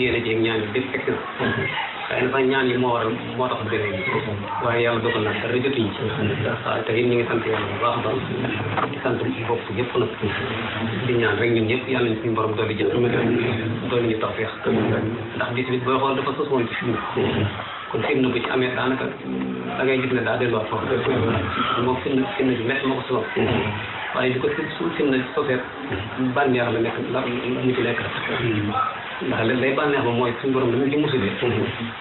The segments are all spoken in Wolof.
yéene jéeg ñaan yi def excellent xëy na sax ñaan yi moo a moo tax mu demee nii waaye yàlla dogal na dara jotuñ ci waaw te it ñu ngi sant yàlla bu baax a baax di sant bopp yëpp nag di tax feex ndax bis bi daa delluwaat foofu moom fitna fitna bi métti ma ko solo waaye di ko la nekk mu ci nekk ndax léegi day bànneex ba mooy suñu borom dañu ci musibe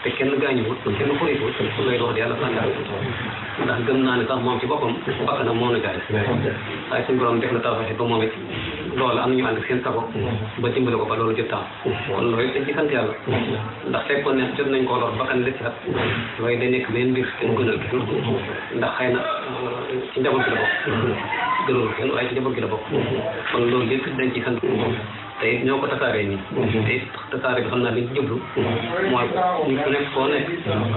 te kenn gaañu kenn xuri ko su lay wax di yàlla bànneex ndax gëm naa ne sax moom ci boppam bakk na moo nu jaare waaye suñu borom def na tawfeex ba moom it loolu am nañu ba dimbale ko ba loolu jot taam kon loolu dañ ci sant yàlla ndax fekkoon ne jot nañ koo lor bakkan la ci at waaye day nekk benn mbir te mu gënal ndax xay na ci njaboot gi la bokk gënal kenn waaye ci njaboot gi la bokk te it ñoo ko tasaaree nii. te it tasaare bi xam naa li ci jublu mooy nit ku nekk foo nekk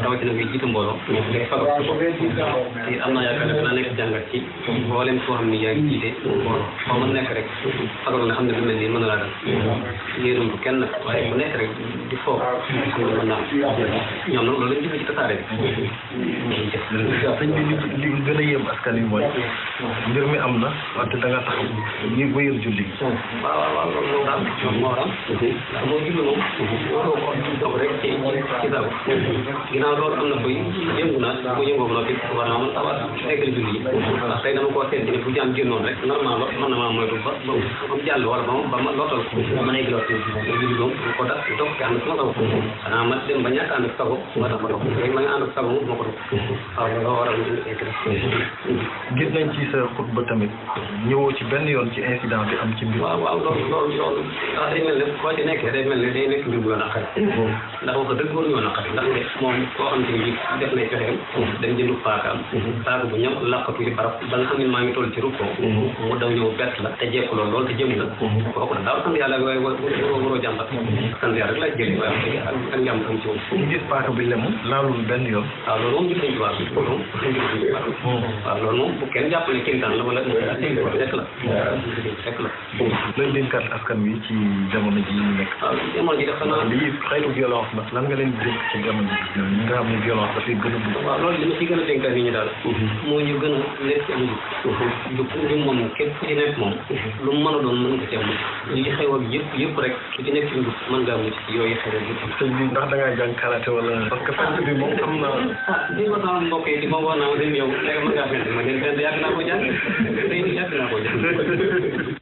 rawatina bi jiitu mbooloo ngay faru ci ko te am naa yaakaar ne dana nekk jàngat ci mboolem foo xam ne yaa ngi jiite mbooloo foo mën nekk rek faru nga xam ne mën na laa dal yéerum bu kenn nag waaye bu nekk rek di foo xam ne ñoom nag loolu lañ ci tasaare bi waaw gën a yéem askan wi mooy mbir am na wante da nga taxaw ñu julli moom waroo ko dox rek ci ci saw ginnaaw loolu am na buy yëngu na bu yëngoo ba noppi war naa mën awaat eggal julli yi ndax tey dama koo seet ne bu jàmm génnoon rek normalement mën na maa moytu ba ba am jàll wala ba ba ma lottal ko mën a egg lott julli doom ko tax dox te ànd sama sago xanaa ma dem ba ñàkk ànd ak sago ma tax ma dox rek ma nga ànd ak sago ma ko dox waaw loolu waral gis nañ ci sa xutba tamit ñëwoo ci benn yoon ci incident bi am ci mbir waaw waaw loolu loolu loolu ah day mel ne koo ci nekkee day mel ne ne day nekk mbir bu la naqari ndax wax dëgg war ñoo naqari ndax de moom koo xam ne bi def nay fexeem dañ jëndu paakaam paaka bu ñëw làqatu ci barab ba nga xam ne maa ngi toll ci la te jekku lool lool te jëm la kooku nag daaw sant yàlla waaye waroo jàmbat sant yàlla rek laa jëlee waaye ak njàmm am ci woon gis paaka bi lemu laalul benn yoon waaw loolu moom gis nañ ci waa bi loolu moom waaw loolu moom bu kenn jàpp ne kéntaan la wala rek la rek la instrument a dafa naan. lii xeetu violence la lan nga leen jëm ci jamono ji ñoom ñi nga xam ne violence dafay gën a dugg. waaw loolu li a dénkaat yi ñu daal. Mhm. moo ñu gën a lekk am njub. Mhm. moom képp ku mhm. mu mën a doon yëpp yëpp rek ku ci nekk ci njub mën ngaa mucc yooyu xew ndax da ngaa jàng karaté parce que fànn moom am na. ah li ma taxoon mbokk yi di ma wax naa ma seen yow naa ko jàng tey naa ko